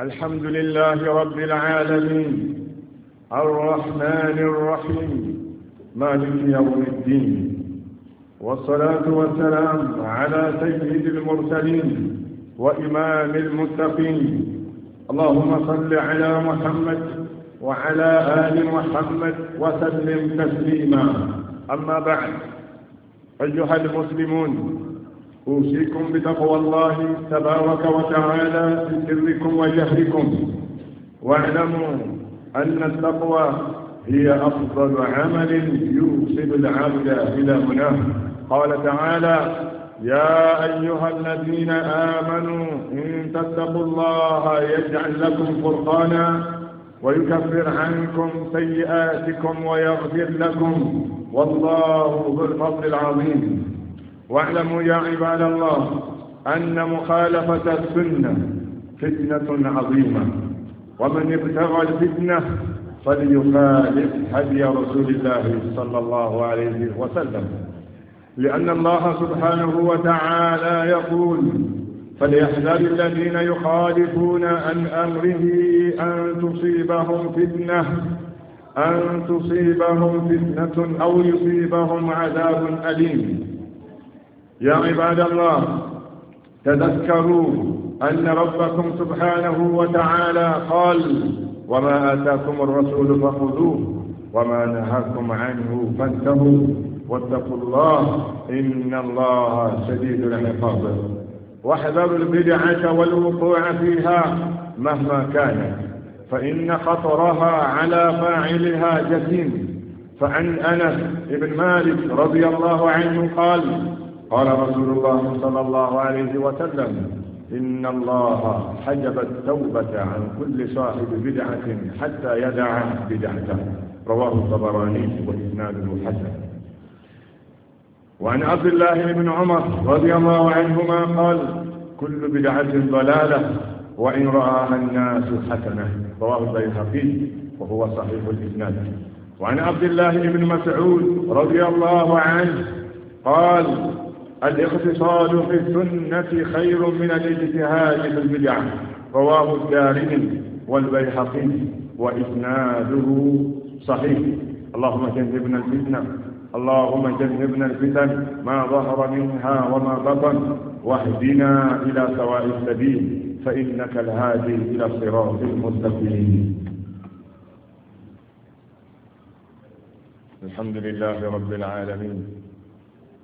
الحمد لله رب العالمين الرحمن الرحيم مالك يوم الدين والصلاة والسلام على سيد المرسلين وإمام المتقين اللهم صل على محمد وعلى آل محمد وسلم تسليما أما بعد أيها المسلمون أوصيكم بتقوى الله تبارك وتعالى في سركم وجهركم واعلموا أن التقوى هي أفضل عمل يوصل العبد إلى مناه قال تعالى يا أيها الذين آمنوا إن تتقوا الله يجعل لكم فرقانا ويكفر عنكم سيئاتكم ويغفر لكم والله ذو الفضل العظيم واعلموا يا عباد الله أن مخالفة السنة فتنة عظيمة ومن ابتغى الفتنة فليخالف هدي رسول الله صلى الله عليه وسلم لأن الله سبحانه وتعالى يقول فليحذر الذين يخالفون عن أمره أن تصيبهم فتنة أن تصيبهم فتنة أو يصيبهم عذاب أليم يا عباد الله تذكروا أن ربكم سبحانه وتعالى قال وما آتاكم الرسول فخذوه وما نهاكم عنه فانتهوا واتقوا الله إن الله شديد العقاب واحذروا البدعة والوقوع فيها مهما كانت فإن خطرها على فاعلها جسيم فعن أنس بن مالك رضي الله عنه قال قال رسول الله صلى الله عليه وسلم إن الله حجب التوبة عن كل صاحب بدعة حتى يدع بدعته رواه الطبراني وإسناد حسن وعن عبد الله بن عمر رضي الله عنهما قال كل بدعة ضلالة وإن رآها الناس حسنة رواه البيهقي وهو صحيح الإسناد وعن عبد الله بن مسعود رضي الله عنه قال الاقتصاد في السنة خير من الاجتهاد في البدع رواه الدارمي والبيحقي وإسناده صحيح اللهم جنبنا الفتنة اللهم جنبنا الفتن ما ظهر منها وما بطن واهدنا إلى سواء السبيل فإنك الهادي إلى الصراط المستقيم الحمد لله رب العالمين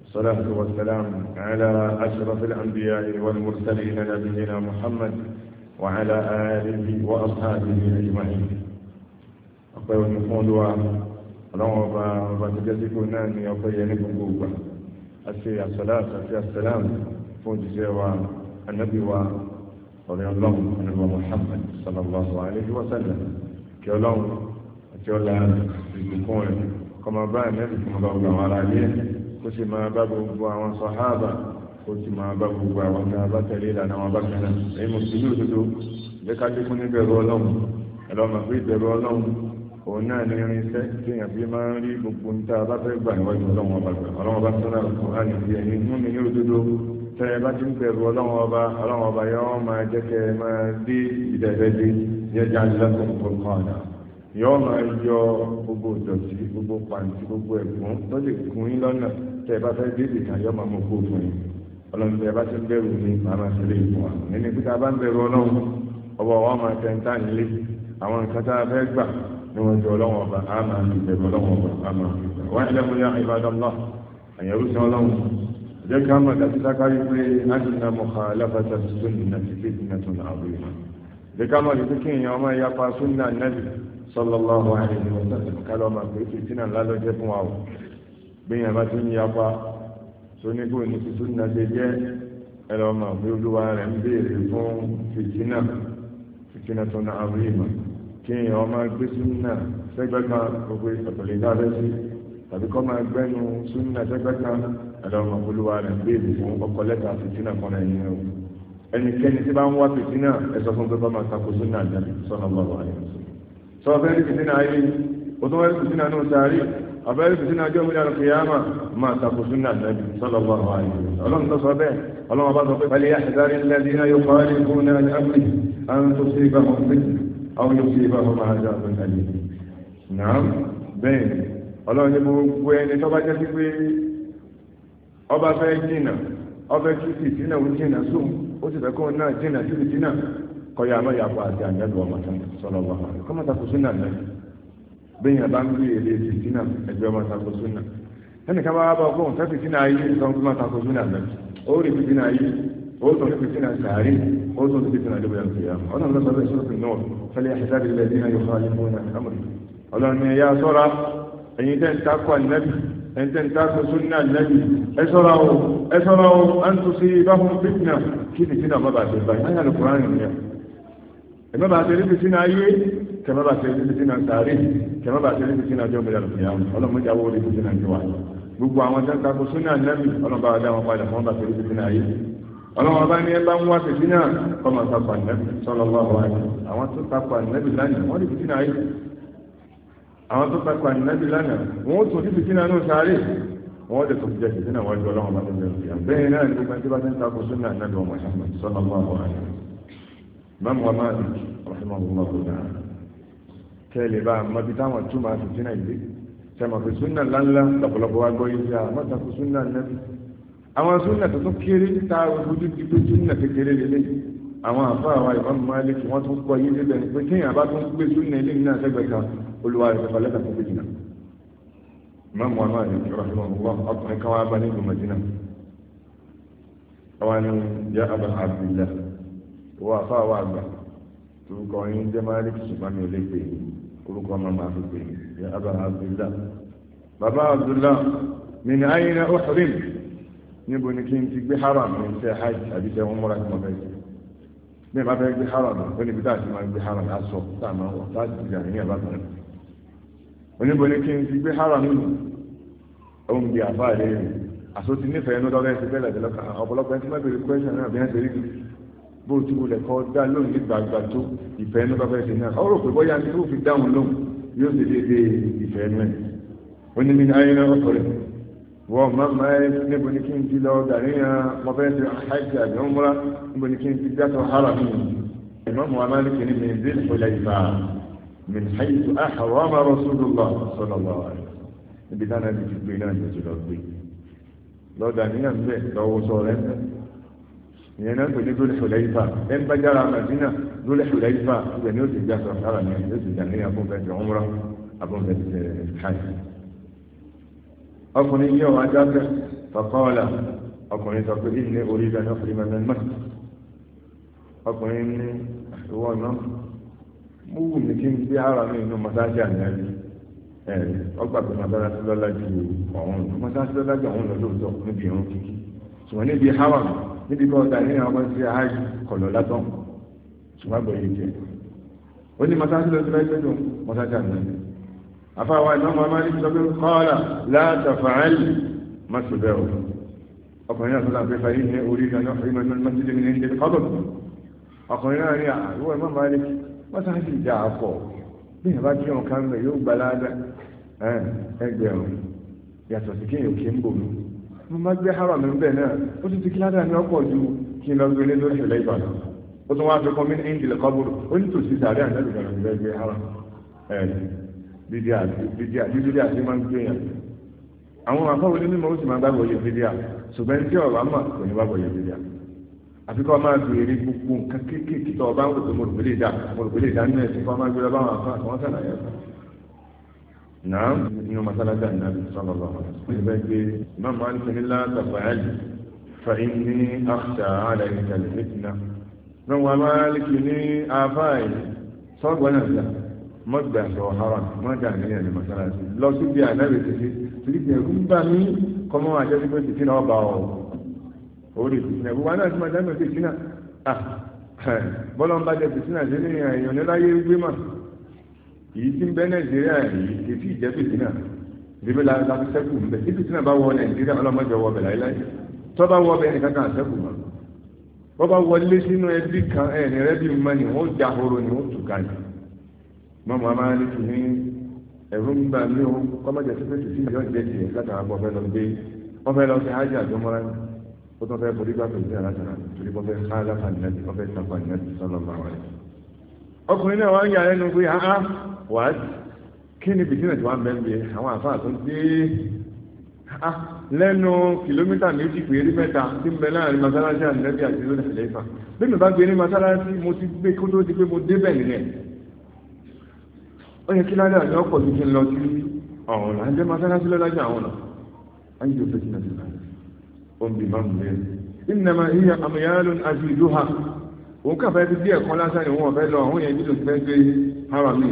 الصلاة والسلام على أشرف الأنبياء والمرسلين نبينا محمد وعلى آله وأصحابه أجمعين. أقوى المفوض ولو فتجدكم ناني أقينكم قوة. أسي الصلاة أسي السلام فوج سوى النبي و رضي الله عن محمد صلى الله عليه وسلم. كلام كلام في كما بان يدكم الله على عليه kó sì máa bá gbogbo àwọn sàhábà kó sì máa bá gbogbo àwọn tá a bá tẹ̀lé ìlànà àwọn bá kẹ́lá èyí mo sì ní òdodo ìgbé fún níbẹ̀rù ọlọ́run ẹlọ́mọ pé ìbẹ̀rù ọlọ́run òun náà ní irinṣẹ́ tí èèyàn fi máa ń rí gbogbo níta bá gbà níwájú ọlọ́run ọba gbà ọlọ́run ọba sọ́nà ọ̀hánì bí ẹni mú mi ní òdodo tẹ́ ẹ bá ti ń bẹ̀rù ọlọ́run ọba ọlọ́run ọba yọ máa jẹ́ kẹ́ máa dé ìdẹ̀rẹ́ dé yẹ jáde lọ́sọ̀rọ̀ kọ̀ọ̀kan yọ́ máa yọ gbogbo ìdọ̀tí gbogbo pàǹtí gbogbo ẹ̀gbọ́n tó lè kún yín lọ́nà tẹ́ ẹ bá fẹ́ dédè kan yọ́ máa mọ kó fún yín ọlọ́run tẹ́ ẹ bá ti ń bẹ̀rù ní màmá sílẹ̀ ìfún wa nínú pé tá a bá ń bẹ̀rù ọlọ́run ọba wa máa tẹ̀ ń tà nílé àwọn nǹkan tá a fẹ́ gbà níwájú ọlọ́run ọba á máa fi bẹ̀rù ọlọ́run ọba á máa fi bẹ̀rù wọ́n ilé múlẹ̀ ìbádọ́lá àyẹ̀wò sí ọlọ́run sákàrí pé á ti na mọ̀ká aláfàtà sunni náà ti fi ìdínà tó náà àbúrò jẹ́ ká máa lè fi kí èèyàn máa yapa sunna náà sallallahu alaihi wa sallam kálọ̀ máa pé fìtínà lálọ́jẹ́ fún wa o gbìyànjú bá tún yapa tó ní kò ní tuntun náà ṣe jẹ́ ẹ̀rọ máa pé olúwa rẹ̀ ń béèrè fún fìtínà fìtínà tó náà rí ìmọ̀ kí èèyàn máa gbé súnà sẹ́gbẹ́ kan gbogbo ìpàtàkì dábẹ́ sí tàbí kọ́ máa gbẹ́nu súnà sẹ́gbẹ́ kan ẹ̀rọ máa pé olúwa rẹ̀ ń béèrè fún ọkọ̀ lẹ́ta fìtínà kan náà yẹn o ẹnikẹ́ni tí bá ń wá fìtínà ẹ̀sọ́ fún pé bá máa takò súnà àjàdì sọ́nà bàbá àyẹ̀wò sọ bụ fìtínà ayé na tó ọ fìtínà náà sáré ọ̀fẹ́rí fìtínà ọjọ́ ìwé àrùn kìyàmà máa tako súnà nàbì sọ́lọ́ àwọn àyè ọlọ́run tó sọ bẹ́ẹ̀ ọlọ́run bá sọ pé pẹ̀lú àṣẹdárí lẹ́dí náà yóò parí fún náà ní áfírí àwọn tó sí ibà wọn fún àwọn yóò sí ibà wọn máa dá àwọn àyè náà bẹ́ẹ̀ ọlọ́run ni mo ẹni tó bá jẹ́ sí pé ọba fẹ́ jìnà ọfẹ́ kí kọ́yà amáyàpọ̀ àti àjẹ́dùn ọmọ tán sọ́lọ́ wà hàn kọ́mọ tako súnà náà bẹ́yìn àbá ń gbé èlé fìtínà ẹgbẹ́ ọmọ tako súnà ẹnì kan bá wá bá ọgbọ́n tẹ́ fìtínà ayé sọ ọmọ tako súnà náà ó rí fìtínà ayé ó sọ fìtínà sàárì ó sọ fìtínà lóbi àgbéyà ọ̀nà ló sọ bẹ́ẹ̀ náà fẹ́lẹ́ àṣẹ́dáàbí ilẹ̀ dínà yóò fọ́lá nípò náà àmọ́ ọlọ́run ẹ̀yà sọ́ra ẹ̀yin tẹ́ ń takò ànábì ẹ̀yin tẹ́ ń takò súnà ànábì ẹ sọ́ra o ẹ sọ́ra ẹ̀mẹ́bà ṣe ríbi sínú ayé kẹmẹ́bà ṣe ríbi sínú sàárè kẹmẹ́bà ṣe ríbi sínú ọjọ́ mẹ́rin ìyá ọlọ́mọdé àwọn orí sínú ayé wa gbogbo àwọn tó ń takò súnà nẹ́bì ọlọ́mọba wa dá wọn padà wọn bá ṣe ríbi sínú ayé ọlọ́mọ bá ní ẹbá ń wá sí sínú ọmọ takò ànẹ́bì sọlọ lọ́wọ́ ayé àwọn tó takò ànẹ́bì lánàá wọ́n ríbi sínú ayé àwọn tó takò ànẹ́bì lánàá wọ́n tún ríbi sínú ayé sàárè wọ́n lè tún jẹ́ sí sínú àwọn ìjọ ọlọ́mọ bá tó ń bẹ̀rẹ̀ bẹ́ẹ̀ náà ní gbogbo ẹni tí bá ti ń takò súnà nẹ́bì ọmọ ìṣàmì sọlọ lọ́wọ́ ayé mọ́mú wa máa dùn ọ̀sán ọ̀hún ọ̀hún náà kẹ́lẹ̀ bá mọ́bí táwọn túmọ̀ àti sínú ìgbé sẹ́mọ̀ fi súnà ńláńlá lọ́pọ̀lọpọ̀ wa gbọ́ yìí à mọ́ta fi súnà nẹ́bí àwọn súnà tuntun kéré ta ojú ti pé súnà kékeré lélẹ̀ àwọn àfa àwa ìbámu máa lé kí wọ́n tún kọ́ yé débẹ̀ pé kéèyàn bá tún gbé súnà ilé náà sẹ́gbẹ̀ẹ́ kan olùwà ìfẹ́fẹ́ lẹ́tà tó gbẹ̀jìnà mọ́mú wa máa dùn ọkùnrin kan wá bá ní ìwọ àfáàwọ àgbà orúkọ yín jẹ́ malik ṣùgbọ́n mi ò lè pè é orúkọ abdullah baba abdullah níbo ti gbé haram ní hajj àbí haram gbé haram aṣọ tá a máa wọ̀ tá ni kí bó ti wulẹ̀ kọ́ dá lóhùn ní gbàgbà tó ìfẹ́ ẹnu bàbá ẹ̀sìn náà ọ̀rọ̀ pé bóyá ní òfin dáhùn lóhùn yóò ṣe déédéé ìfẹ́ ẹnu ẹ̀ ó ní mi ní ayé náà ọkọ̀ rẹ̀ wọ́n máa máa ẹ níbo ni kí n ti lọ gàríyàn mo fẹ́ ṣe àìsí àbí ọmọlá níbo ni kí n ti dátọ̀ hàrà mi ìmọ̀mù amálùkì ni mi dé ìfọlẹ̀ ìfà mi ṣáyé tó àhàwọ̀ ọmọ rasulullah ìyẹn náà pè ní lórí ṣòlẹ́yìnfà ẹn bá jára màdínà lórí ṣòlẹ́yìnfà ibẹ̀ ni ó ti gbàsọ̀ sára ní ẹ̀yìn oṣù ìdàní abúnfẹ́sẹ̀ ọmọrọ abúnfẹ́sẹ̀ ṣáì. ọkùnrin yìí ọ̀hún adáfẹ́ fàkọ́ọ̀là ọkùnrin sọ pé ìdílé orí ìdáná fún ìmọ̀ ẹ̀mọ́ ọkùnrin ní ìwọ náà mú wù mí kí n gbé ara mi inú mọ́sáàsì àyàrí ọgbà pé mọ́sáàsì lọ́lá ju ọ̀hún mọ́sáàsì níbi kan ọ̀tà ní àwọn ọmọdé ààyè kọ̀lọ̀ látàn ṣùgbọ́n gbọ́ yìí jẹ́ ó ní mọ́sáàtì lọ sí láì pẹ́tù mọ́sáàtì àgbẹ̀lẹ̀ afáwa ìmọ̀mọ́ amáyé sọ pé kọ́ọ̀là látàfààlì má sì bẹ́ẹ̀ ọ̀rọ̀ ọkùnrin náà sọ́dọ̀ àpẹfà yìí ní orí kan náà ìmọ̀ ìmọ̀ sí ní ní kọ́bọ̀ ọkùnrin ìmọ̀ mo bá gbé haram ń bẹ̀ náà ó ti ti kí ládàá ní ọ̀pọ̀ ju kí n lọ gbé lórí ìṣẹ̀lẹ̀ ìbàdàn ó tún wáá fi kọ́ mí ní ìjìnlẹ̀ kọ́bùrù ó ní tòsí sàárẹ̀ àjẹ́lù kan ló gbé haram bídíà tí máa ń gbé yàn àwọn ó sì máa gbàgbọ́ yẹ bídíà ṣùgbọ́n tí ọ̀rọ̀ àmà kò ní gbàgbọ́ yẹ bídíà àfi kọ́ máa gbogbo nǹkan kéékèèké náà inú masalasi ànábi sọlọ lọ ìbẹ gbé imam malik ní láta fàáyì fa inni akhsha ala ìkàlẹ̀ fitna náà wà malik ní afáì sọgbọn náà gbà mọgbà sọ haram mọgbà níyàn ní masalasi lọ sí bí ànábi títí títí tẹ ń bá mi kọmọ àjẹsí pé títí náà bá ọ orí ìfìsínà gbogbo anáà tí máa dáná ìfìsínà bọ́lá ń bá jẹ ìfìsínà sí ní ẹ̀yàn níláyé gbé máa èyí tí ń bẹ nàìjíríà yìí kìí ìjẹ́ fìtínà bíbí la la sẹ́kù ń bẹ tí fìtínà bá wọ nàìjíríà ọlọ́mọdé wọ bẹ̀ láíláí tó bá wọ bẹ́ẹ̀ nìkan kan sẹ́kù mọ́ bọ́ bá wọlé sínú ẹbí kan mọ́ ni wọ́n já horo ni wọ́n tù ká ní máa ní kì í ń gbà mí o kọ́mọ́jà sí sí ìjọ ìjẹ́ tiẹ̀ wọ́n fẹ́ lọ sí ọkùnrin náà wá ń yà lẹ́nu pé àá wà á kí ni bìtínà tí wà ń bẹ́ẹ̀ àwọn àfáà tó dé àá lẹ́nu kìlómítà méjì péré mẹ́ta tí ń bẹ láàrin masalasi àdínẹ́bí àti lónà ìlẹ́fà bí mi bá gbé ní masalasi mo ti gbé kó tó ti pé mo débẹ̀ nílẹ̀ ó yẹ kí ládàá ní ọ̀pọ̀ tó ti ń lọ sí ọ̀run là jẹ́ masalasi lọ́lájà àwọn ọ̀nà ayé yóò fẹ́ sí náà ó ń bí bá mú bẹ́ẹ̀ ìnàmà òun kàfẹ́ bí bí ẹ̀kan lásán ni wọ́n fẹ́ lọ àwọn èèyàn nílò fẹ́ gbé haramí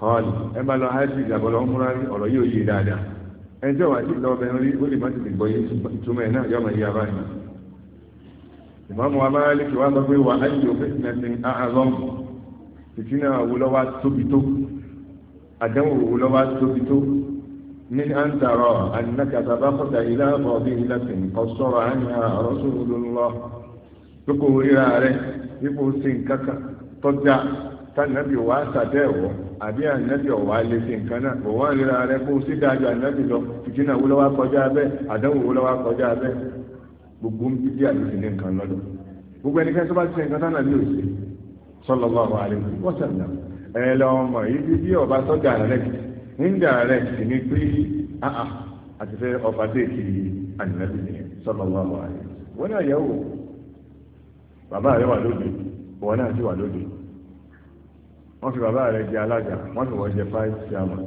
kọ́ọ̀lì ẹ bá lọ hajj àbọ̀lọ́ múra rí ọ̀rọ̀ yóò yé dáadáa ẹni tí wàá ti lọ ọbẹ̀ rí ó lè má ti gbọ́ yé ìtumọ̀ ẹ̀ náà yọ ọmọ ìyá báyìí ìmọ̀mù amáyálẹ́kì wá sọ pé wà á yọ fẹ́sìnà sí àárọ̀m fìtínà wo lọ́wọ́ tóbi tó ní àǹtàrọ̀ àdínàkàtà bá kọ́ta pé kò ríra rẹ ipò sí nǹkan kan tọ́jà tánàbì wà sàdẹ́ ẹ̀wọ̀ àbí ànábì ọ̀wà lè ṣe nǹkan náà kò wọ́n ríra rẹ kó sí dájú ànábì lọ ìdínà wo lọ́wọ́ kọjá abẹ́ àdánwò wo lọ́wọ́ kọjá abẹ́ gbogbo ń bí díà ló sì ní nǹkan lọ́dọ̀ gbogbo ẹnikẹ́ni tó bá ti ṣe nǹkan tánàbì ò sí sallallahu alaihi wasallam ẹ lọ́mọ ibi bí ọba sọ́jà rẹ̀ nígbà rẹ̀ sì ní pé àti fẹ́ ọba dé kiri ànábì nìyẹn sallallahu alaihi wasallam bàbá rẹ̀ wà lóde ìwọ náà sì wà lóde wọ́n fi bàbá rẹ̀ jẹ alága wọ́n fi wọ́n jẹ five chairman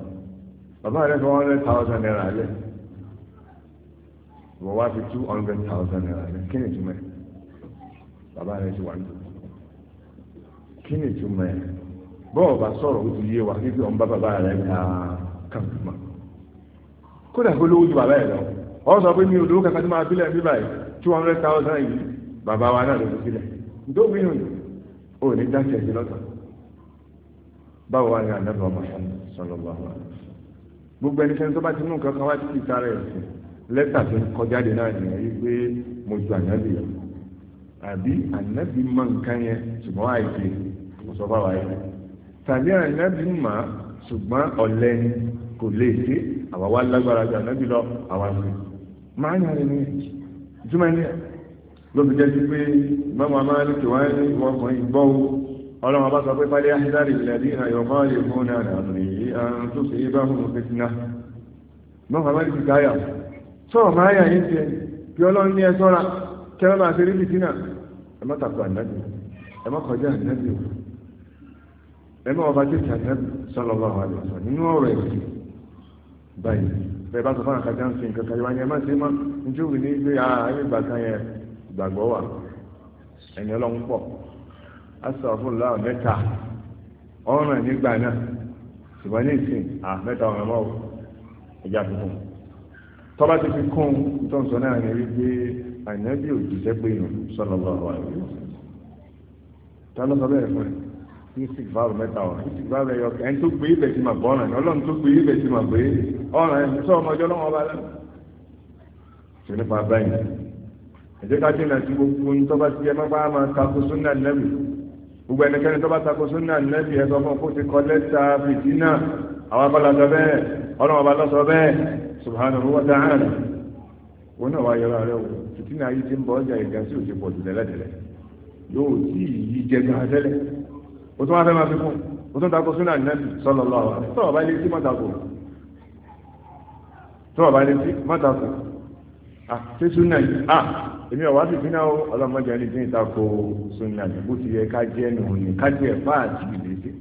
bàbá rẹ̀ fi one thousand naira lẹ̀ ìwọ wá fi two hundred thousand naira lẹ̀ kí ni ìtumọ̀ bàbá rẹ̀ ti wà lóde kí ni ìtumọ̀ bọ́ọ̀ bá sọ̀rọ̀ ó ti yé wa níbi ọ̀n bá bàbá rẹ̀ ta kàǹtùmá kódà kó lówó ju bàbá ẹ̀ lọ ọ sọ pé mi ò lówó kankan tó máa bílẹ̀ bíbáyìí two hundred thousand yìí bàbá wa náà ló fi sílẹ̀ dóbìnrin ò ní dáṣẹ ẹ̀jẹ̀ lọ́tọ̀ báwo wá ní àdábà Muhammad sallallahu alaihi wasallam gbogbo ẹni sẹ́ni tó bá ti mú nǹkan kan wá títí sára ẹ̀sìn lẹ́tà tó ń kọjáde náà nìyẹn yí pé mo ju ànábì yẹn àbí ànábì mọ nǹkan yẹn ṣùgbọ́n àìsè kò sọ báwa yẹn tàbí ànábì mọ̀ ṣùgbọ́n ọ̀lẹ kò lè ṣe àwa wá lágbára ju ànábì lọ àwa sí máa ń yára ní ìtumọ̀ ẹni yẹn. ló fi jẹ́ sí pé mọ́mọ́ amáyálùkì wáyé ní ìwọ̀kùnrin gbọ́ o ọlọ́run sọ pé pálí áhídárì ìlẹ̀dí àyọ̀mọ́ lè fún náà àmì àrùn tó fún òfin sí náà mọ́mọ́ amáyálùkì káyà máa yà máa ń ní ilé ààrẹ yẹn ìgbàgbọ́ wà ẹni ọlọ́run pọ̀ asàfúnlá mẹ́ta ọ̀ràn nígbà náà ṣùgbọ́n ní ìsìn à mẹ́ta mọ́ ẹja tuntun tọ́ba ti fi kún tó ń sọ náà ní wípé ànábì òjìṣẹ́ pé nù sallallahu alaihi bẹ́ẹ̀ fún ẹ mẹ́ta ẹ̀yọ ẹni tó gbé ibẹ̀ mà ọlọ́run tó gbé ibẹ̀ mà gbé ẹ̀ sọ ọba lẹ́nu ṣe nípa báyìí ẹ̀jẹ̀ ká jìnà sí gbogbo yín tó bá ti yẹ mọ́pá máa takò súnà nẹ́bì gbogbo ẹnikẹ́ni tó bá takò súnà nẹ́bì ẹ̀ sọ fún kó ti kọ lẹ́tà fìdínà àwọn abala sọ bẹ́ẹ̀ ọlọ́run ọba lọ sọ bẹ́ẹ̀ subhanahu wa ta'ala wọn náà wá yọra rẹ o fìdínà yìí ti ń bọ̀ ọjà ìgbà sí òsì pọ̀ tìlẹ̀lẹ̀tẹ̀lẹ̀ yóò tí yí jẹ tẹ́lẹ̀ o tún wá fẹ́ máa fi kún o tún takò súnà nẹ́bì sallallahu alaihi wasallam Ah, ṣé súnà yìí à ah, èmi ọ̀wá sì fínà ó ọlọ́mọdé ẹni tí ń takò súnà yìí bó ti yẹ ká jẹ́ nù ní ká jẹ́ ẹ̀fà àti ìdèsí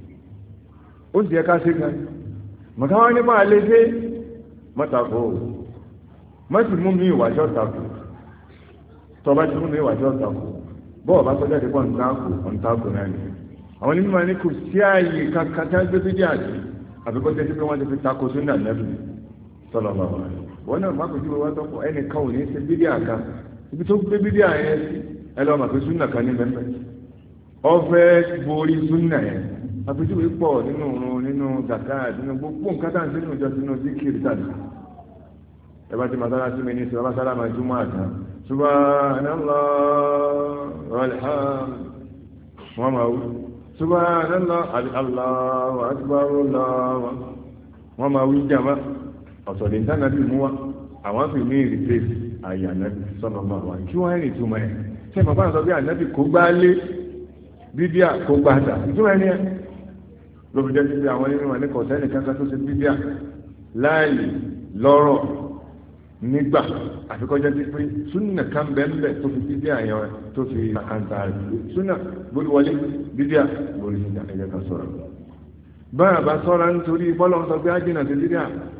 ó sì yẹ ká ṣe gan mọ̀tá wọn nípa àlẹ́ ṣe mọ́tàkó mọ́tì mú mi ìwà ṣọ́tàkó tọba tí mú mi ìwà ṣọ́tàkó bọ́ọ̀ bá sọ́jà dípọ̀ ntàkó ntàkó náà ni àwọn onímọ̀ ní kò sí ààyè kankan tí wọ́n gbé sí díà sí àbíkọ́ tẹ́tí wọ́n ti fi takò súnà nẹ́bí sọ́lọ́ bàbá rẹ̀ wọn náà má pèjú wọn tọkọ ẹnìkan ò ní ṣe bídíà kan ibi tó gbé bídíà yẹn sí ẹ lọ́ọ́ mà pé súnà kan ní bẹ́ẹ̀ ọfẹ́ borí súnà yẹn àpèjúwe pọ̀ nínú òun nínú zakat nínú gbogbo nǹkan tá à ń sínú ìjọ sínú zikiri tàbí ẹ bá ti màsálásí mi ní sọ bá sálámà júmọ́ àtàn subhanallah alhamdulilah wọ́n máa wú subhanallah alhamdulilah wọ́n máa wú jàmá ọ̀sọ̀dẹ̀ ìtànàbí mú wa àwọn fi mí replace àyè ànábì sọ́nà máa wà kí wọ́n rìn túmọ̀ ẹ̀ ṣé bàbá sọ bí ànábì kó gbá lé bíbíà kó gbá dà ìtumọ̀ ẹni ẹ lóbi jẹ́ bíbíà àwọn nínú wọn ní kọ̀ọ̀sẹ́ nìkan kan tó ṣe bíbíà láàyè lọ́rọ̀ nígbà àfikọ́jẹ́ ti pé súnà kan bẹ́ẹ̀ tó fi bíbíà yẹn tó fi àkàǹtà rẹ̀ súnà gbórí wọlé bíbíà gbórí ìjà ẹ̀jẹ̀ kan sọ̀rọ̀ báyà bá sọ́ra nítorí bọ́lọ́ sọ pé ájìnà ti bíbíà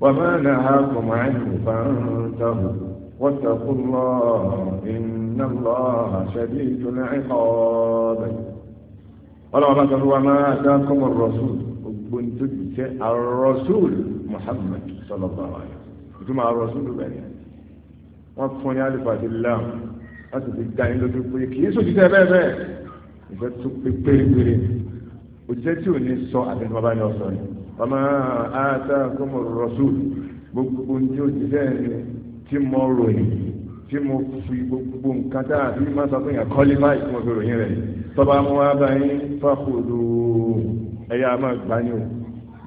وما نهاكم عنه فانتهوا واتقوا الله إن الله شديد العقاب ولا مثل وما آتاكم الرسول كنت الرسول محمد صلى الله عليه وسلم ثم الرسول بني وقفوا يا لفات الله أتت الدين لدي بيك يسو إذا تسوك بيك بيك بيك وجدتوني الصوء أتت مباني ọmọ àtà kọmọ rasul gbogbo ní òjìṣẹ́ ẹni tí mo ròyìn tí mo fi gbogbo nǹkan tá àbí má sọ fún yàn kọ́lé báyìí tí mo fi ròyìn rẹ̀ tọ́ba mú wá báyìí fàkòdò ẹ̀yà máa gbá ní o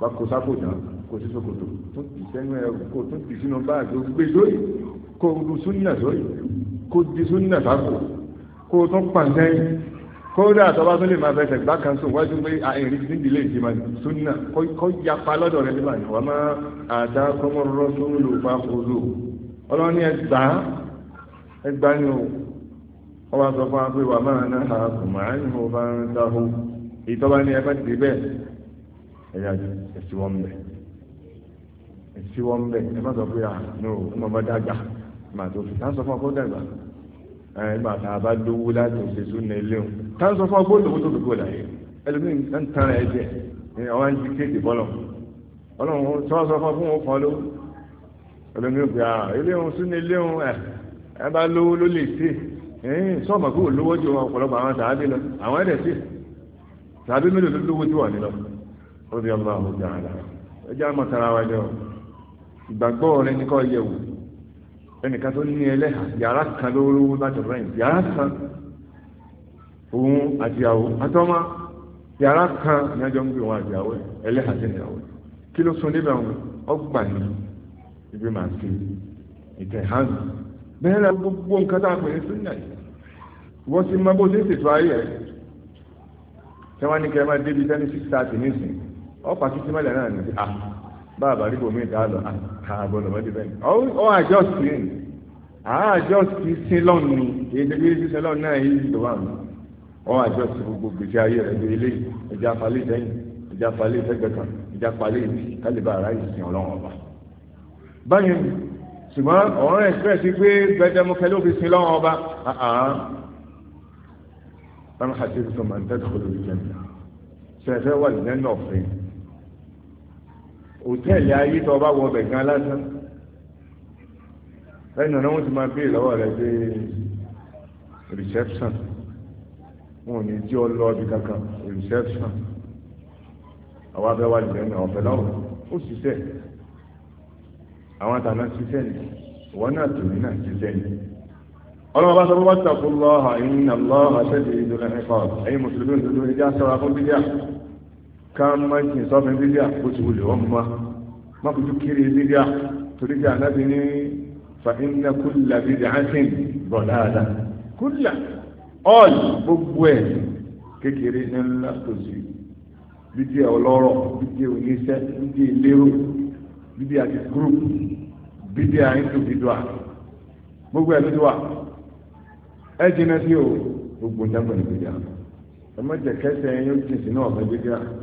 bá kó sákò dán kó sí sòkòtò tún tì sẹ́nu ẹ̀rù kó tún tì sínú báàgì gbé sórí kó lu súnà sórí kó di súnà sákò kó tún pàǹtẹ́yìn kódà tọba tó lè máa fẹsẹ̀ gbá kan sùn wájú pé àìrí ti dìlé ìjìmá súnà kó yapa lọ́dọ̀ rẹ̀ nígbà ní wọ́n máa àdá kọ́mọ́rọ́ tó ń lò bá ojú ọlọ́ni ẹgbà ẹgbà ni o wọ́n bá sọ fún wa pé wà máa ná àkùnmá ní mo bá ń dáhù ìtọ́ba ni ẹgbẹ́ ti bẹ́ẹ̀ ẹ̀yà ẹ̀sì wọn bẹ̀ ẹ̀sì wọn bẹ̀ ẹ má sọ pé à ní o ọmọ bá dàgbà màá tó fi ká sọ fún wa dàgbà nígbà tá a bá lówó láti ṣe súnà ilé o tá ń sọ fún agbóhùn lówó tó fi kó láyé ẹlòmíín ń tan ẹ jẹ àwọn ń dikéèdì bọ́lọ̀ ọlọ́run tí wọ́n sọ fún fún wọn fọ́ ló ẹlòmíín pé ilé òun súnà ilé òun ẹ ẹ bá lówó ló lè ṣe sọ́ọ̀mọ̀ kó lówó ju ọ̀pọ̀lọpọ̀ àwọn sàábì lọ àwọn ẹ̀dẹ̀ sí sàábì mélòó ló lówó tí wọ́n ní lọ ó di ọlọ́run ọ̀gá àlà ẹjẹ́ àmọ̀tara wájọ ìgbàgbọ́ rẹ ní kọ́ yẹ̀wò ẹnìkan tó ní ẹlẹ́hà yàrá kan lówó láti rẹ̀ yàrá kan òun àtìyàwó àtọ́mọ́ yàrá kan ní ajọ́ ń gbé wọn àtìyàwó ẹlẹ́hà sí ìyàwó kí ló sún níbẹ̀ wọn ọgbà ní ibi màá sí ìtẹ̀hánù bẹ́ẹ̀ la gbogbo nǹkan tá a pè ní súnà yìí wọ́n ti máa bó ṣe ṣètò ayé ẹ̀ tẹ́wọ́n ní kẹ́ ẹ máa débi tẹ́ni six thirty nísìnyí ọ́ pàṣẹ mẹ́lẹ̀ náà nìyí báàbà rí bòmí ìta lọ àgbọ̀nà mọ́tì bẹ́ẹ̀ ọ àjọ sí ni àjọ sí sílọ́ọ̀nù ni èyí tó gbé sílọ́ọ̀nù náà yìí ti wà mí ọ àjọ sí gbogbo gbèsè ayé rẹ̀ bí eléyìí ẹja falẹ̀ sẹ́yìn ẹja falẹ̀ sẹ́gbẹ̀ kan ẹja falẹ̀ ìdí kálíbà ara yìí sìn ọlọ́run ọba. báyìí ṣùgbọ́n ọ̀rọ̀ ẹ̀sìpẹ́ sí pé gbẹdẹmukẹ́ ló fi sin lọ́wọ́ ọba táwọn àti ìfọ̀mọ̀ ń tẹ́tù kọ́ lórí òtẹ́ẹ̀lì ayé tó bá wọ ọbẹ̀ gan lásán lẹ́yìn ọ̀nà wọn ti máa béèrè lọ́wọ́ rẹ̀ pé reception wọn ò ní jí ọ lọ ibi kankan reception àwọn abẹ́ wà lẹ́yìn náà ọ̀fẹ́ lọ́wọ́ ó ṣiṣẹ́ àwọn àtàná ṣiṣẹ́ ni ìwọ náà tò ní náà ṣiṣẹ́ ni ọlọ́wọ́ bá sọ fún wàtí àkúlọ́ọ̀hà ìnà lọ́ọ̀hà ṣẹ́ẹ̀dì ìdúrà nípa ẹ̀yìn mùsùlùmí òdòdó ìjà sọ̀rọ̀ àkọ́bíjà ká má jì sọ́fin bíbíà bó ti wulè wọ́n mọ́ má kò tó kiri bíbíà torí bí anábì ní fa inna kulla bid'atin dalala kulla all gbogbo ẹ̀ kékeré ńlá ọlọ́rọ̀ oníṣẹ́ lérò gbogbo ẹ̀ ẹ jìnnà sí o gbogbo ẹ kẹsẹ̀ jìn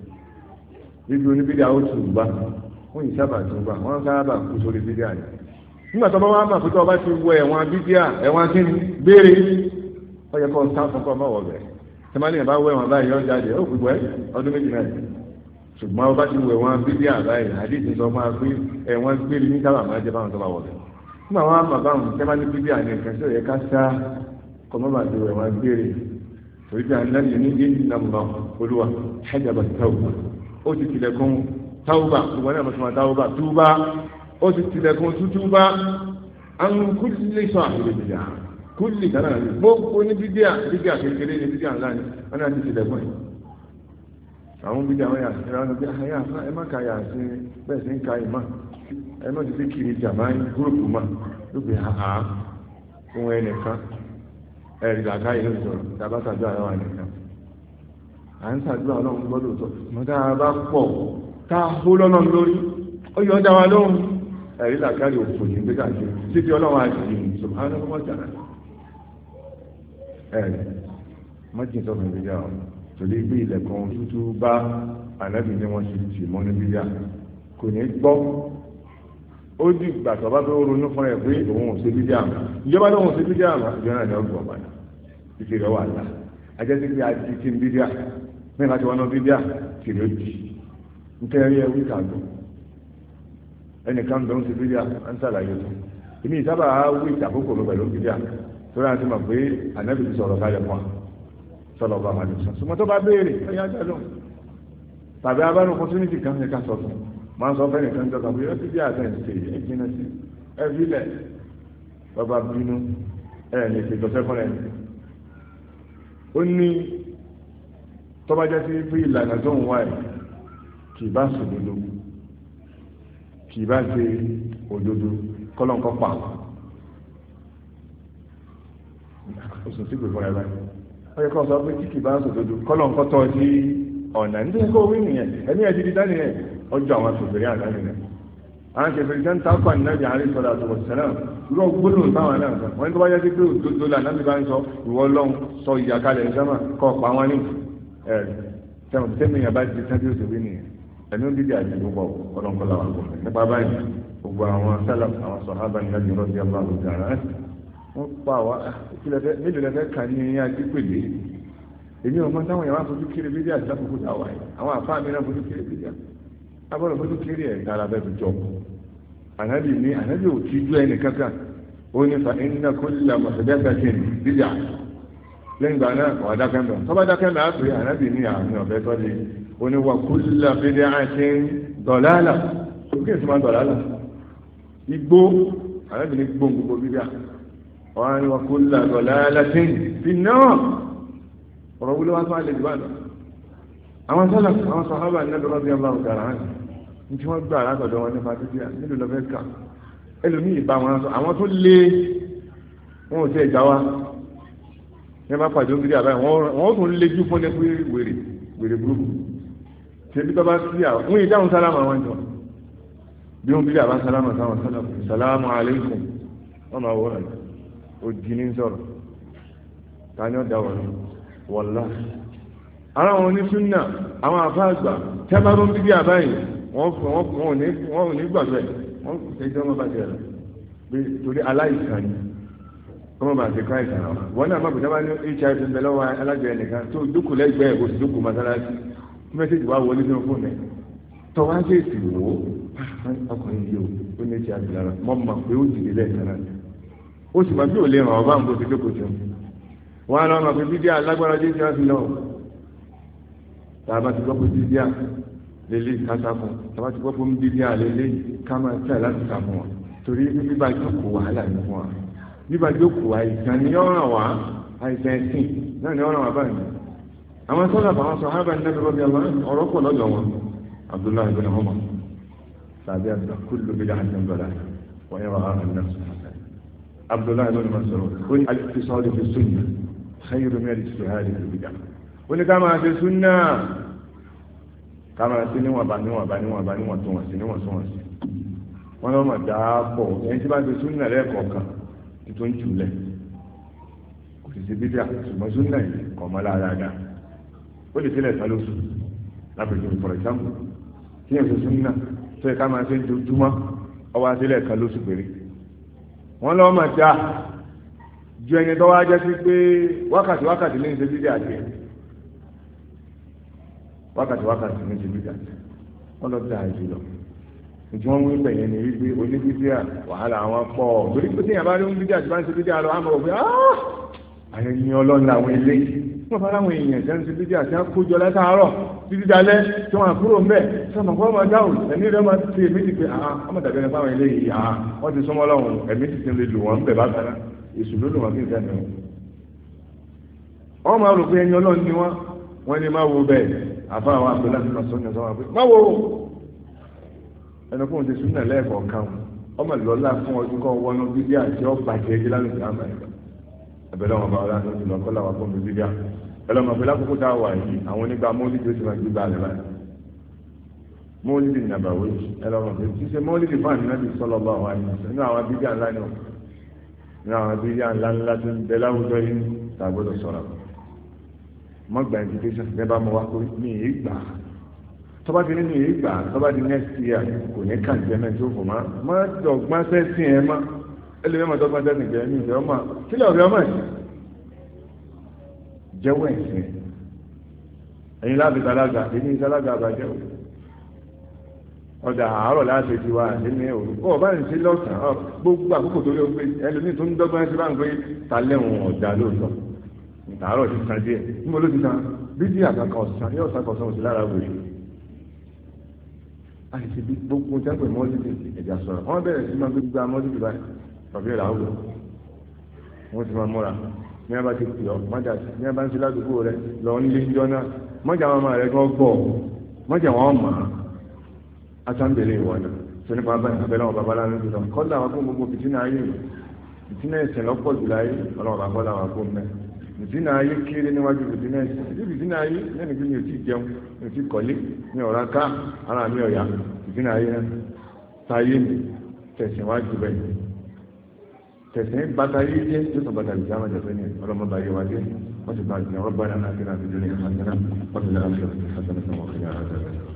bíbí oníbídà ó tù bá wọ́n yìí sábà tù bá wọ́n sábà kú sórí bídà yìí nígbà tó bá wà ọba ti wọ béèrè ó yẹ kó sá fún bá wọ báyìí ọjà ó gbogbo ọdún méjì náà ọba ti wọ ẹ̀wọ̀n bídíà báyìí àdéhùn sọ máa pé ẹ̀wọ̀n gbére ní sábà báwọn tó bá nígbà ó ti tilẹ̀kùn táwùbà gbogbo náà mọ̀tòmọ̀ táwùbà túbà ó ti tilẹ̀kùn àwọn sọ kan náà ní gbogbo ní bídíà bídíà kékeré ní bídíà ńlá na wọn náà ti tilẹ̀kùn yìí àwọn bídíà wọn yà sí ẹ̀rọ ní ayé àfa má ka yà sí bẹ́ẹ̀ sí ń ka ìmá ẹ má ti fi kiri jàmá lóbi fún ẹnìkan ẹ̀rì à ń sàdúrà ọlọ́run gbọ́dọ̀ tọ́ mọ́ tá bá pọ̀ tá a hó lọ́nà lórí ó yọ ọjà wa lóhùn ẹ̀rí làkàrí òfò ní gbé káàkiri títí ọlọ́run àti ìyìn sọ̀hánà ọmọ jàrá ẹ̀rí mọ́jìn sọ́kùn ìgbéjà ọ̀ torí gbé ilẹ̀kùn tútù bá ànábì ni wọ́n ti tì mọ́ níbí yá kò ní gbọ́ ó di ìgbà tó bá fẹ́ ronú fún ẹ pé òun ò ṣe bídí àmà ìjọba ló ń ṣe bídí àmà ìjọba náà ni ó gbọ̀ padà ìfèrè wà lá ajẹ́sí a ti ti ń bídí àmà ní láti wọnú bíbíà tìrì òjì nítorí ẹ wíkà lọ ẹnìkan dọ̀rùn sí bíbíà ń sàlàyé lọ èmi ìsábà wíkà àkókò mi pẹ̀lú bíbíà torí àti mọ̀ pé ànábì ti sọ̀rọ̀ kalẹ̀ fún wa sọ̀rọ̀ ọba àmàlẹ̀ sọ ṣùgbọ́n tó bá béèrè ẹ̀yà ajá lọ tàbí abánu opportunity kan ní ká sọ fún máa sọ fẹ́ẹ̀ nìkan jọta pé ẹbí bí àtẹ̀sẹ̀ ẹ jìnnà sí ẹbí lẹ̀ bàbá bínú ẹ̀ lè ṣèjọ́sẹ́ fún ẹ̀ ó ní tó bá jẹ́ sí pé ìlànà tó ń wá ẹ̀ kì bá sòdodo kì bá ṣe òdodo kọ́lọ́nkọ́ pa oṣù sí gbogbo ẹ̀ báyìí wọ́n yẹ kọ́ sọ pé kì bá sòdodo kọ́lọ́nkọ́ tọ́ sí ọ̀nà ní kó wí nìyẹn ẹ̀mí ẹ̀ ti di dání yẹn ọjọ́ àwọn sòfèrè àdáni yẹn àwọn kẹfìrì kan ta kọ́ ànábì àárín sọ̀rọ̀ àtọ̀wọ̀ sẹ́nà irú gbólóhùn táwọn náà sọ wọ́n ní tó bá yẹ sí pé òdodo là nábì bá ń sọ ìwọ ọlọ́run sọ ìyàkalẹ̀ ìjọba kọ́ ọ̀pọ̀ àwọn níbi ẹ̀rí sẹ́wọ̀n tẹ́mi yẹn bá ti sábẹ́ òṣèlú nìyẹn ẹni ó dídí àjẹjù pọ̀ ọlọ́nkọ́lá wà lóko nípa báyìí gbogbo àwọn sálà àwọn sọ̀hábà ní ẹ̀jẹ̀ rọ́ọ̀dì aláwọ̀ gàrà wọ́n pa wá ah, mélòó lẹ́fẹ́ kà ní ẹ̀yìn àdípèlé èmi ò mọ táwọn yẹn wá fojú kéré bídí àti lákòókò táwa yìí àwọn àfáà mi náà fojú kéré bídí abọ́dọ̀ fojú kéré ẹ̀ dára bẹ́ẹ̀ fi jọ ànábì ní ànábì ò lẹ́yìn ìgbà náà wà dákẹ́mbẹ̀ tọ́bá dákẹ́mbẹ̀ àpè ànábì ní àmì ọ̀fẹ́ tọ́lé oníwà kúlà fídíà àti dọ̀làlà sókè sí máa dọ̀làlà igbó ànábì ní gbóhùn gbogbo bíbíà wọ́n ní wà kúlà dọ̀làlà tí fi náà ọ̀rọ̀ wúlé wá tó àlè jù bàdàn àwọn sọ́là àwọn sàhábà nẹ́bí rọ́bì ọba ọ̀gàrà hàn ní tí wọ́n gbà látọ̀dọ̀ wọn nípa bíbíà nílùú lọ́fẹ́ kà ẹlòmíì bá wọn sọ àwọn tó lé wọn ò tẹ́ ìjà wa ní ma pàdé ògiri àbáyé wọ́n tún léjú fún lẹ́kú wèrè wèrè burúkú ṣebí tọ́ bá sí àwọn wọ́n yìí dáhùn sálámà wọn jọ bí wọ́n bírí àbá sálámà sáwọn sálámà sálámà aleikum wọ́n máa wọ́n rẹ̀ òjì ní sọ̀rọ̀ tani ọ̀dà wọ̀ ni wọ̀lá ara wọn ní súnà àwọn àfa àgbà tẹ́ bá bọ́ bírí àbáyé wọ́n ò ní gbàgbẹ́ wọ́n ṣe jẹ́ wọn bá jẹ́ torí aláìsàn yìí kọ́mọ̀ bá ti christ náà wọ́n náà mọ̀kùtà bá ní hiv ń bẹ lọ́wọ́ alájọ ẹnìkan tó dúkù lẹ́gbẹ̀ẹ́ kò sí dúkù mọ́sálásí mẹ́sẹ̀jì wá wọlé sínú fóònù ẹ̀ tọ́wọ́ á ṣèṣì wò ó ah, ọkùnrin yìí ó ní hiv lára mọ́ mọ̀ pé ó dìde lẹ́ẹ̀kan náà ó sì mọ̀ bí ò lè ràn ọ́ bá ń bó ti dúkù tó wọ́n á lọ mọ̀ bíbí alágbára jẹ́ hiv lọ́wọ́ tá ti gbọ́ pé bíbí à lélẹ́ ká máa tẹ̀ láti sàmù wọn bíbá jókòó àìsàn ni yọ ràn wá àìsàn ẹ̀sìn náà ni yọ ràn wá báyìí àwọn sọ́dà bàwọn sọ hábà ní nàbẹ́rẹ́ bíi ọ̀rọ̀ pọ̀ lọ́dọ̀ wọn abdullahi ibn Umar tàbí àgbà kúlù bíi àjẹm bọ̀dà wọ́n yẹ wàhálà àrùn náà abdullahi ibn Mas'ud ó ní al-iktisad fi sunnah khayru min al-ijtihad fil bid'ah ó ní ká máa fi súnà ká máa sí níwọ̀nba níwọ̀nba níwọ̀nba tó wọ̀n sí níwọ̀n tó wọ̀n sí wọ́n lọ́ mọ̀ dáa pọ̀ ẹni tí bá ti súnà lẹ́ẹ̀kọ̀ọ̀kan títún ń jùlẹ̀ kò sì sí bídíà ṣùgbọ́n súnà yìí kọ̀ mọ́ láradà ó lè sílẹ̀ sá lóṣù lápẹjù for example kí èso súnà tó yẹ ká máa ṣe dojúmọ́ ọwọ́ àtìlẹ̀ kan lóṣù péré wọ́n lọ́wọ́ máa ta ah, ju ẹni tó wá jẹ́ sí pé wákàtí wákàtí ní ṣe bídíà jẹ́ wákàtí wákàtí ní ṣe bídíà wọ́n lọ da àjù lọ tí wọ́n wí pẹ̀lẹ́ ní wípé oníbíbíà wàhálà àwọn pọ̀ torí pé tí àbá ló ń bíjà tí bá ń ṣe bíjà lọ àmọ́ òfin àwọn ènìyàn ọlọ́run làwọn ilé wọ́n fara àwọn èèyàn tí wọ́n ṣe bíjà tí wọ́n kójọ látàárọ̀ títí dalẹ́ tí wọ́n àkúrò ń bẹ̀ sọmọ fún ọmọ dáhùn ẹ̀mí rẹ̀ máa ti èmi ti pé ah, ọmọ tàbí ẹni fáwọn ilé yìí ah, wọ́n ti súnmọ́ lọ́hùn ẹ̀mí ti ti lè lò wọ́n bẹ̀ bákan náà èṣù ló lò wọ́n kí n fẹ́ mi. wọ́n máa rò pé ẹni ọlọ́run ni wọ́n wọ́n ní má wo bẹ́ẹ̀ àfáwọn àgbẹ̀lá ẹnu fún ti súnà lẹ́ẹ̀kọ̀ọ̀kan ọmọ ìlọ́lá fún ọdún kan wọnú bíbí àti ọgbà jẹ́ ẹjẹ́ lánàá ìlú àmà ìlú ẹ̀bẹ̀rẹ̀ wọn bá wọn láti ọdún lọ́kọ́ làwọn fún mi bíbí à ẹlọ́ mọ̀ pé lákòókò tá a wà yìí àwọn onígbà mọ́lídì ó ti máa gbígbà rẹ̀ báyìí mọ́lídì nàbàwé ẹlọ́ mọ̀ pé ṣíṣe mọ́lídì fún àná ti sọ́lọ́ bá yìí nínú àwọn bíbí àńlá ni nínú àwọn bíbí àńlá ńlá tó ń bẹ láwùjọ yìí tàbí ó lọ sọ̀rọ̀ tọ́ba ti nínú yìí gbà tọ́ba di next year kò ní kàn jẹ́ mẹ́tò fún ma má dọ̀gbọ́n sẹ́sìn ẹ̀ má ẹlẹ́mẹ́ má dọ̀gbọ́n sẹ́sìn jẹ́ ní ìfẹ́ ọmọ kílẹ̀ ọ̀rẹ́ ọmọ yìí jẹ́wọ́ ẹ̀sìn ẹ̀yin láti sálága ẹ̀yin sálága àbájẹ́ o ọjà àárọ̀ láti ti wá àti òru kọ́ ọba ní sí lọ́sàn-án gbogbo àkókò tó lé ogbé ẹlòmíì tó ń dọ́gbọ́n sí àìsí bí gbogbo jápè mọ́lídì ẹ̀jà sọ̀rọ̀ wọ́n bẹ̀rẹ̀ sí máa gbégbá mọ́lídì báyìí tàbí ẹ̀rà áwùjọ wọ́n ti máa múra ní a bá ti pè ọ́ mọ́jà ní a bá ń ṣe ládùúgbò rẹ lọ ń lé jọ náà mọ́jà wọn máa rẹ kọ́ gbọ́ mọ́jà wọn mọ̀ á asámbélé ìwọ náà tó nípa bá ìfẹ́ lọ́wọ́ bàbá lánàá jùlọ kọ́lá wa fún gbogbo fìtínà ayé fìtínà ẹ̀sìn lọ́pọ̀ jùlọ ayé ọlọ́wọ́ bàbá làwọn kó mẹ́ bìtínà ayé kéré níwájú bìtínà ẹ̀sìn ìdí bìtínà ayé lẹ́nu pé mi ò tí jẹun mi ò tí kọ́lé mi ò ra ká ara mi ò yá bìtínà ayé náà táyé mi tẹ̀sìn wájú bẹ́ẹ̀ tẹ̀sìn bàtà yé jẹ́ tó sọ bàtà yìí dáhùn jẹ́fẹ́ ní ọlọ́mọba yé wájú wọ́n ti bá a jẹ́ ọlọ́gbọ́n náà náà kí náà fi dúró ní ìfàsẹ́nà wọ́n ti lọ́